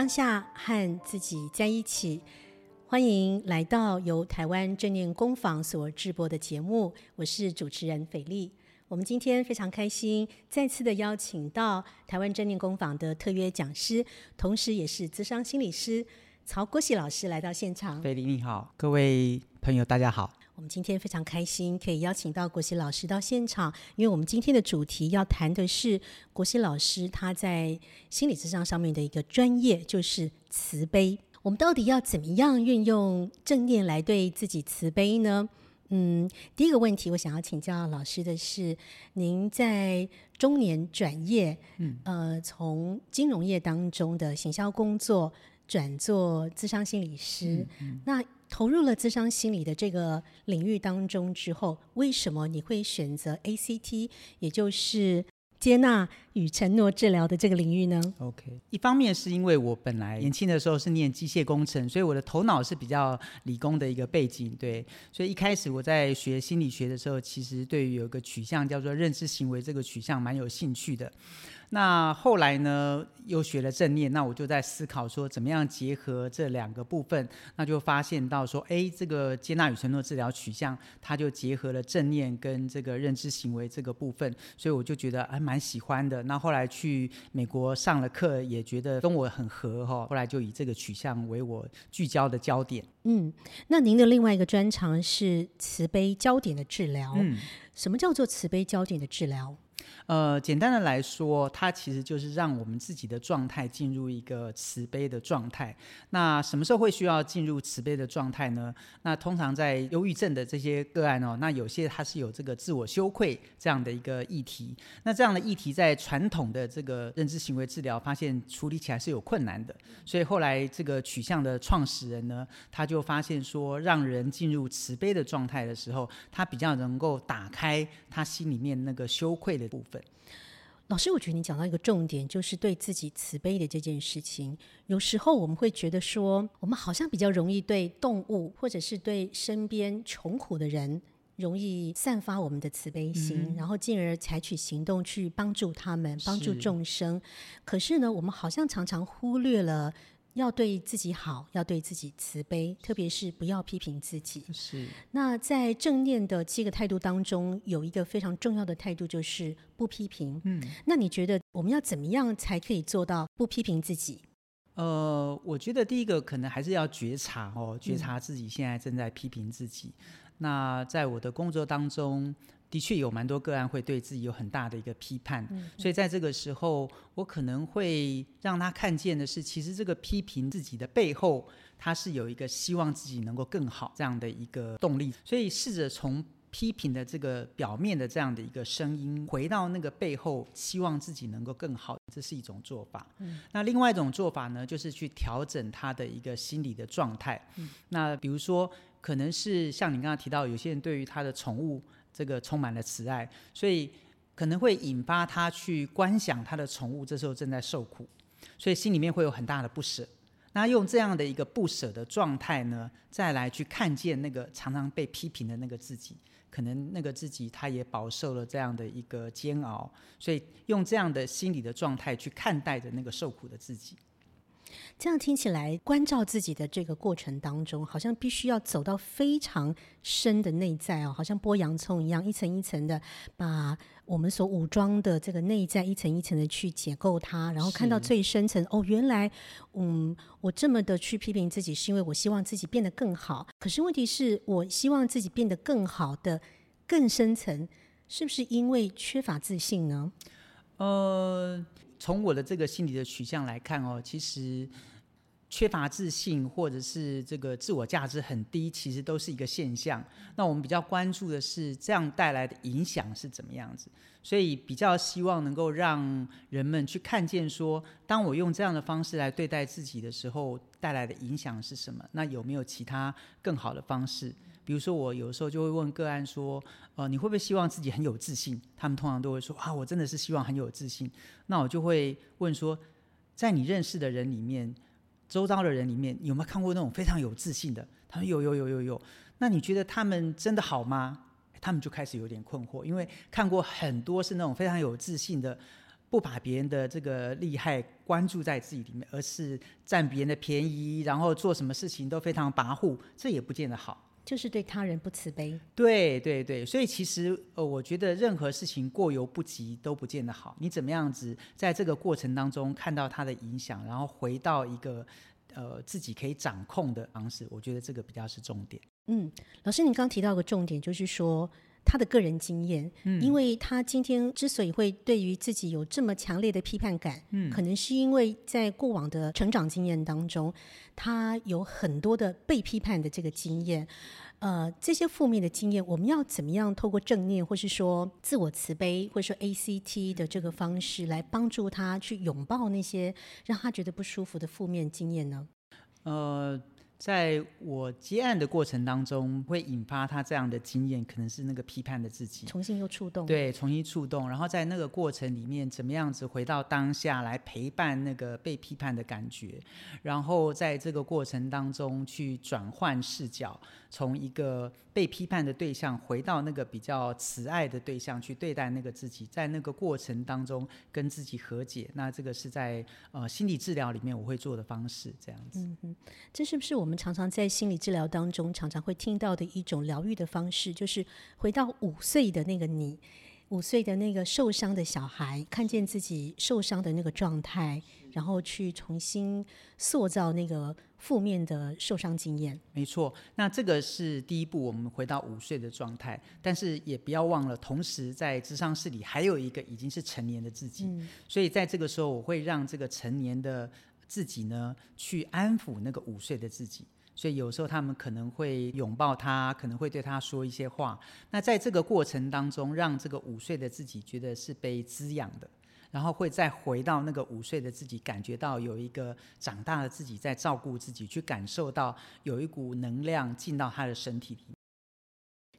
當下和自己在一起，歡迎來到由台灣正念工坊所製播的節目。我是主持人斐莉。我們今天非常開心，再次的邀請到台灣正念工坊的特約講師，同時也是諮商心理師曹國璽老師來到現場。斐莉你好，各位朋友大家好。我們今天非常開心可以邀請到國璽老師到現場，因為我們今天的主題要談的是國璽老師他在心理諮商上面的一個專業，就是慈悲。我們到底要怎麼樣運用正念來對自己慈悲呢？嗯，第一個問題我想要請教老師的是，您在中年轉業，嗯，呃，從金融業當中的行銷工作。轉做諮商心理師，嗯嗯，那投入了諮商心理的這個領域當中之後，為什麼你會選擇 ACT，也就是接納與承諾治療的這個領域呢？OK，一方面是因為我本來年輕的時候是念機械工程，所以我的頭腦是比較理工的一個背景，對，所以一開始我在學心理學的時候，其實對於有一個取向叫做認知行為這個取向蠻有興趣的。那後來呢，又學了正念，那我就在思考說，怎麼樣結合這兩個部分？那就發現到說，哎，這個接納與承諾治療取向，它就結合了正念跟這個認知行為這個部分，所以我就覺得還，哎，蠻喜歡的。那後來去美國上了課，也覺得跟我很合哈。後來就以這個取向為我聚焦的焦點。嗯，那您的另外一個專長是慈悲焦點的治療。嗯，什麼叫做慈悲焦點的治療？呃，簡單的來說，它其實就是讓我們自己的狀態進入一個慈悲的狀態。那什麼時候會需要進入慈悲的狀態呢？那通常在憂鬱症的這些個案哦，那有些它是有這個自我羞愧這樣的一個議題。那這樣的議題在傳統的這個認知行為治療發現處理起來是有困難的。所以後來這個取向的創始人呢，他就發現說，讓人進入慈悲的狀態的時候，他比較能夠打開他心裡面那個羞愧的。部分。老師，我覺得你講到一個重點，就是對自己慈悲的這件事情。有時候我們會覺得說，我們好像比較容易對動物，或者是對身邊窮苦的人，容易散發我們的慈悲心，嗯嗯，然後進而採取行動去幫助他們，幫助眾生。可是呢，我們好像常常忽略了。要對自己好，要對自己慈悲，特別是不要批評自己。是。那在正念的七個態度當中，有一個非常重要的態度，就是不批評。嗯。那你覺得我們要怎麼樣才可以做到不批評自己？呃，我覺得第一個可能還是要覺察哦，覺察自己現在正在批評自己。嗯。那在我的工作當中。的確有蠻多個案會對自己有很大的一個批判，所以在這個時候，我可能會讓他看見的是，其實這個批評自己的背後，他是有一個希望自己能夠更好這樣的一個動力。所以試着從批評的這個表面的這樣的一個聲音，回到那個背後，希望自己能夠更好，這是一種做法。那另外一種做法呢，就是去調整他的一個心理的狀態。那比如說，可能是像你剛剛提到，有些人對於他的寵物。這個充滿了慈愛，所以可能會引發他去觀想他的寵物這時候正在受苦，所以心裡面會有很大的不捨。那用這樣的一個不捨的狀態呢，再來去看見那個常常被批評的那個自己，可能那個自己他也飽受了這樣的一個煎熬，所以用這樣的心理的狀態去看待着那個受苦的自己。這樣聽起來，觀照自己的這個過程當中，好像必須要走到非常深的內在哦，好像剝洋蔥一樣，一層一層的把我們所武裝的這個內在一層一層的去解構它，然後看到最深層哦，原來，嗯，我這麼的去批評自己，是因為我希望自己變得更好。可是問題是我希望自己變得更好的更深層，是不是因為缺乏自信呢？呃。從我的這個心理的取向來看哦，其實缺乏自信或者是這個自我價值很低，其實都是一個現象。那我們比較關注的是這樣帶來的影響是怎麼樣子，所以比較希望能夠讓人們去看見說，當我用這樣的方式來對待自己的時候，帶來的影響是什麼？那有沒有其他更好的方式？比如說，我有時候就會問個案說：“呃，你會不會希望自己很有自信？”他們通常都會說：“啊，我真的是希望很有自信。”那我就會問說：“在你認識的人裡面，周遭的人裡面，有沒有看過那種非常有自信的？”他們說：有有有有有。那你覺得他們真的好嗎？他們就開始有點困惑，因為看過很多是那種非常有自信的，不把別人的這個厲害關注在自己裡面，而是占別人的便宜，然後做什麼事情都非常跋扈，這也不見得好。就是對他人不慈悲。對對對，所以其實呃，我覺得任何事情過猶不及都不見得好。你怎麼樣子在這個過程當中看到它的影響，然後回到一個呃自己可以掌控的方式，我覺得這個比較是重點。嗯，老師，你剛提到一個重點，就是說。他的個人經驗，嗯，因為他今天之所以會對於自己有這麼強烈的批判感，嗯，可能是因為在過往的成長經驗當中，他有很多的被批判的這個經驗，呃，這些負面的經驗，我們要怎麼樣透過正念，或是說自我慈悲，或者說 ACT 的這個方式，來幫助他去擁抱那些讓他覺得不舒服的負面經驗呢？呃。在我接案的過程當中，會引發他這樣的經驗，可能是那個批判的自己重新又觸動，對，重新觸動。然後在那個過程裡面，怎麼樣子回到當下來陪伴那個被批判的感覺，然後在這個過程當中去轉換視角，從一個被批判的對象回到那個比較慈愛的對象去對待那個自己，在那個過程當中跟自己和解。那這個是在呃心理治療裡面我會做的方式，這樣子。嗯哼，這是不是我？我們常常在心理治療當中，常常會聽到的一種療癒的方式，就是回到五歲的那個你，五歲的那個受傷的小孩，看見自己受傷的那個狀態，然後去重新塑造那個負面的受傷經驗。沒錯，那這個是第一步，我們回到五歲的狀態，但是也不要忘了，同時在諮商室裡還有一個已經是成年的自己。嗯，所以在這個時候，我會讓這個成年的。自己呢，去安撫那個五歲的自己，所以有時候他們可能會擁抱他，可能會對他說一些話。那在這個過程當中，讓這個五歲的自己覺得是被滋養的，然後會再回到那個五歲的自己，感覺到有一個長大的自己在照顧自己，去感受到有一股能量進到他的身體裡。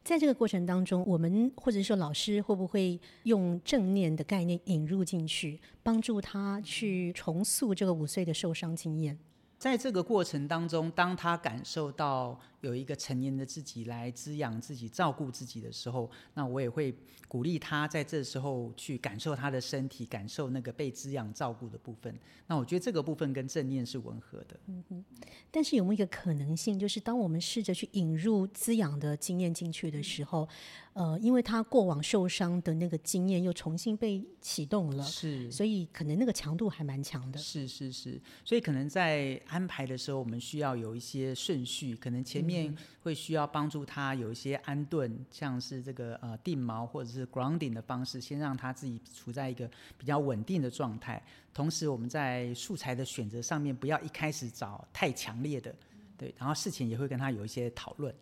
在這個過程當中，我們或者說老師會不會用正念的概念引入進去，幫助他去重塑這個五歲的受傷經驗？在這個過程當中，當他感受到有一個成年的自己來滋養自己、照顧自己的時候，那我也會鼓勵他在這時候去感受他的身體，感受那個被滋養、照顧的部分。那我覺得這個部分跟正念是吻合的。嗯哼，但是有沒有一個可能性，就是當我們試着去引入滋養的經驗進去的時候、嗯，呃，因為他過往受傷的那個經驗又重新被啟動了，是，所以可能那個強度還蠻強的。是是是。所以可能在安排的時候，我們需要有一些順序，可能前面、嗯。嗯、會需要幫助他有一些安頓，像是這個呃定錨或者是 grounding 的方式，先讓他自己處在一個比較穩定的狀態。同時，我們在素材的選擇上面，不要一開始找太強烈的，對。然後，事情也會跟他有一些討論。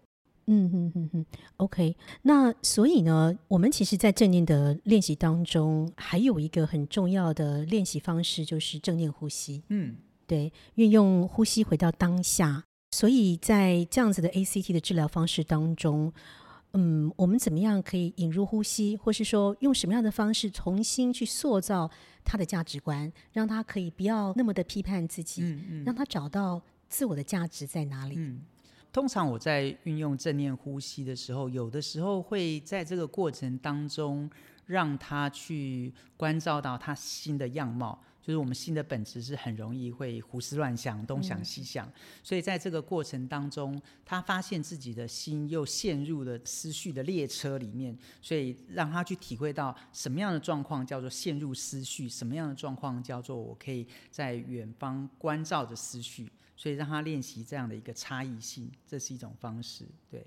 嗯嗯嗯嗯，OK。那所以呢，我們其實在正念的練習當中，還有一個很重要的練習方式就是正念呼吸。嗯，對，運用呼吸回到當下。所以在這樣子的 ACT 的治療方式當中，嗯，我們怎麼樣可以引入呼吸，或是說用什麼樣的方式重新去塑造他的價值觀，讓他可以不要那麼的批判自己，嗯嗯，讓他找到自我的價值在哪裡？嗯，通常我在運用正念呼吸的時候，有的時候會在這個過程當中讓他去觀照到他心的樣貌。就是我們心的本質是很容易會胡思亂想、東想西想，所以在這個過程當中，他發現自己的心又陷入了思緒的列車裡面，所以讓他去體會到什麼樣的狀況叫做陷入思緒，什麼樣的狀況叫做我可以在遠方觀照着思緒，所以讓他練習這樣的一個差異性，這是一種方式，對。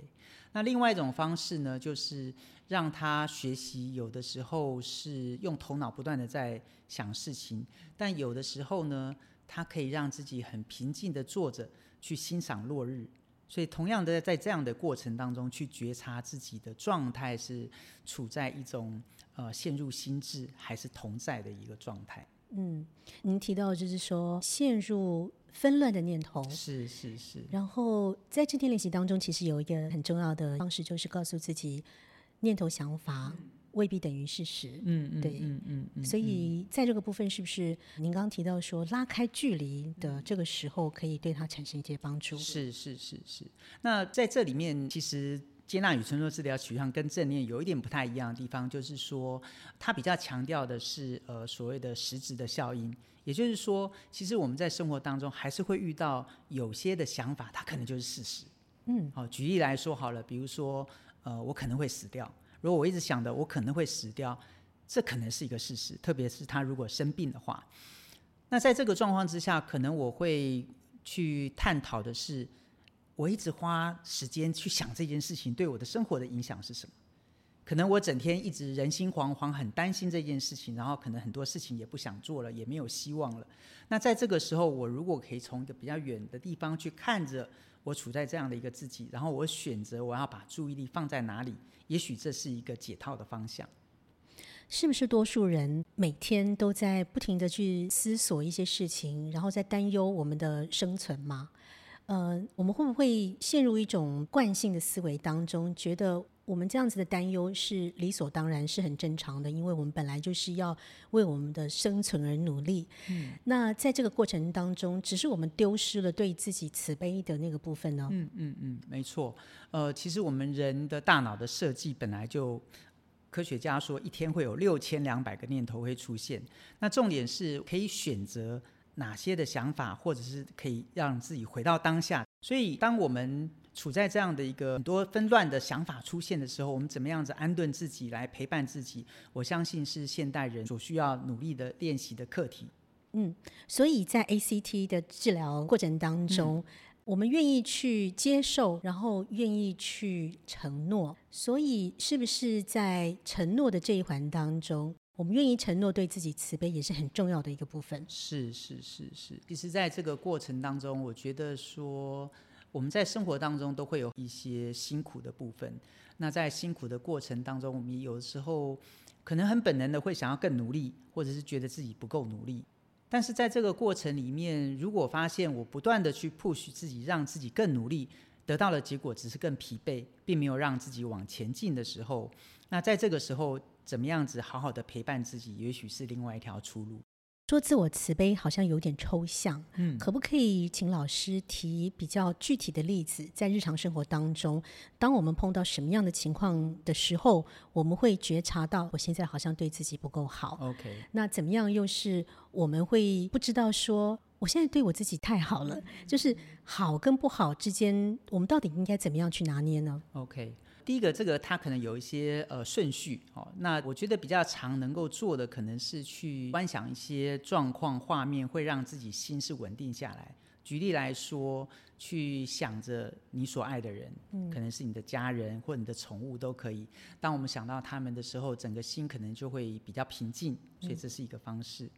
那另外一種方式呢，就是讓他學習，有的時候是用頭腦不斷的在想事情，但有的時候呢，他可以讓自己很平靜的坐着去欣賞落日。所以，同樣的在這樣的過程當中，去覺察自己的狀態是處在一種呃陷入心智還是同在的一個狀態。嗯，您提到就是說陷入。紛亂的念頭是是是，然後在這天練習當中，其實有一個很重要的方式，就是告訴自己，念頭想法未必等於事實。嗯嗯嗯嗯，嗯，所以在這個部分，是不是您剛提到說拉開距離的這個時候，可以對他產生一些幫助？是是是是。那在這裡面，其實。接納與承諾治療取向跟正念有一點不太一樣的地方，就是說，它比較強調的是呃所謂的實質的效應。也就是說，其實我們在生活當中還是會遇到有些的想法，它可能就是事實。嗯，好，舉例來說好了，比如說呃我可能會死掉，如果我一直想的我可能會死掉，這可能是一個事實。特別是他如果生病的話，那在這個狀況之下，可能我會去探討的是，我一直花時間去想這件事情對我的生活的影響是什麼？可能我整天一直人心惶惶，很擔心這件事情，然後可能很多事情也不想做了，也沒有希望了。那在這個時候，我如果可以從一個比較遠的地方去看着我處在這樣的一個自己，然後我選擇我要把注意力放在哪裡，也許這是一個解套的方向。是不是多數人每天都在不停地去思索一些事情，然後在擔憂我們的生存嗎？嗯、呃，我們會不會陷入一種慣性的思維當中，覺得我們這樣子的擔憂是理所當然，是很正常的？因為我們本來就是要為我們的生存而努力。嗯，那在這個過程當中，只是我們丟失了對自己慈悲的那個部分呢？嗯嗯嗯，沒錯。呃，其實我們人的大腦的設計本來就，科學家說一天會有六千兩百個念頭會出現。那重點是可以選擇。哪些的想法，或者是可以讓自己回到當下？所以，當我們處在這樣的一個很多紛亂的想法出現的時候，我們怎麼樣子安頓自己來陪伴自己？我相信是現代人所需要努力的練習的課題。嗯，所以在 ACT 的治療過程當中，嗯、我們願意去接受，然後願意去承諾。所以，是不是在承諾的這一環當中？我們願意承諾對自己慈悲，也是很重要的一個部分。是是是是。其實在這個過程當中，我覺得說我們在生活當中都會有一些辛苦的部分。那在辛苦的過程當中，我們有的時候可能很本能的會想要更努力，或者是覺得自己不夠努力。但是在這個過程裡面，如果發現我不斷的去 push 自己，讓自己更努力，得到的結果只是更疲憊，並沒有讓自己往前進的時候，那在這個時候。怎麼樣子好好的陪伴自己，也許是另外一條出路。說自我慈悲好像有點抽象，嗯，可不可以請老師提比較具體的例子？在日常生活當中，當我們碰到什麼樣的情況的時候，我們會覺察到我現在好像對自己不夠好。OK，那怎麼樣又是我們會不知道說我現在對我自己太好了？就是好跟不好之間，我們到底應該怎麼樣去拿捏呢？OK。第一個，這個它可能有一些呃順序哦。那我覺得比較常能夠做的，可能是去觀想一些狀況畫面，會讓自己心是穩定下來。舉例來說，去想着你所愛的人，嗯、可能是你的家人或者你的寵物都可以。當我們想到他們的時候，整個心可能就會比較平靜，所以這是一個方式。嗯、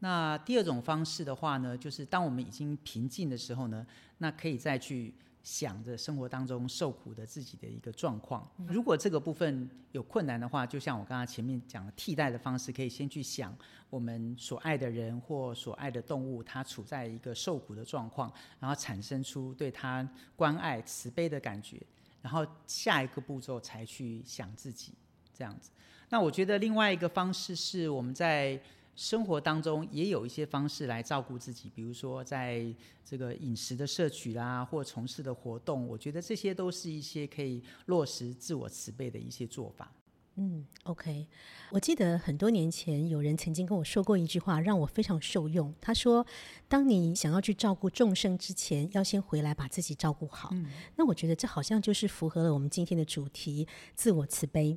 那第二種方式的話呢，就是當我們已經平靜的時候呢，那可以再去，想着生活當中受苦的自己的一個狀況，如果這個部分有困難的話，就像我剛剛前面講的，替代的方式可以先去想我們所愛的人或所愛的動物，它處在一個受苦的狀況，然後產生出對它關愛、慈悲的感覺，然後下一個步驟才去想自己這樣子。那我覺得另外一個方式是我們在。生活當中也有一些方式來照顧自己，比如說在這個飲食的攝取啦、啊，或從事的活動，我覺得這些都是一些可以落實自我慈悲的一些做法。嗯，OK，我記得很多年前有人曾經跟我說過一句話，讓我非常受用。他說：“當你想要去照顧眾生之前，要先回來把自己照顧好。”嗯，那我覺得這好像就是符合了我們今天的主題——自我慈悲。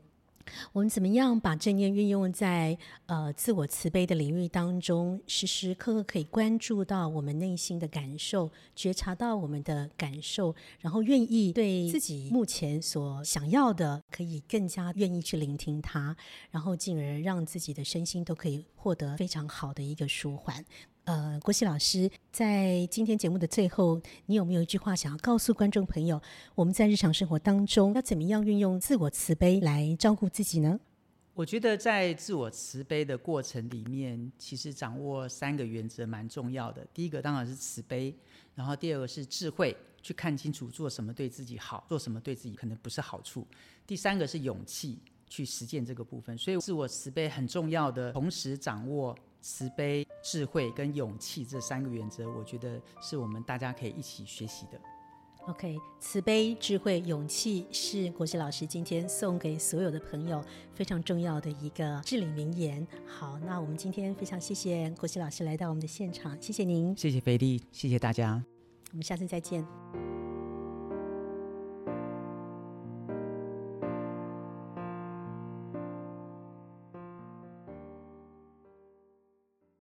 我們怎麼樣把正念運用在呃自我慈悲的領域當中，時時刻刻可以關注到我們內心的感受，覺察到我們的感受，然後願意對自己目前所想要的，可以更加願意去聆聽它，然後進而讓自己的身心都可以獲得非常好的一個舒緩。呃，國璽老師，在今天節目的最後，你有沒有一句話想要告訴觀眾朋友？我們在日常生活當中要怎麼樣運用自我慈悲來照顧自己呢？我覺得在自我慈悲的過程裡面，其實掌握三個原則蠻重要的。第一個當然是慈悲，然後第二個是智慧，去看清楚做什麼對自己好，做什麼對自己可能不是好處。第三個是勇氣，去實踐這個部分。所以，自我慈悲很重要的，同時掌握。慈悲、智慧跟勇氣這三個原則，我覺得是我們大家可以一起學習的。OK，慈悲、智慧、勇氣是國璽老師今天送給所有的朋友非常重要的一個至理名言。好，那我們今天非常謝謝國璽老師來到我們的現場，謝謝您，謝謝斐莉，謝謝大家，我們下次再見。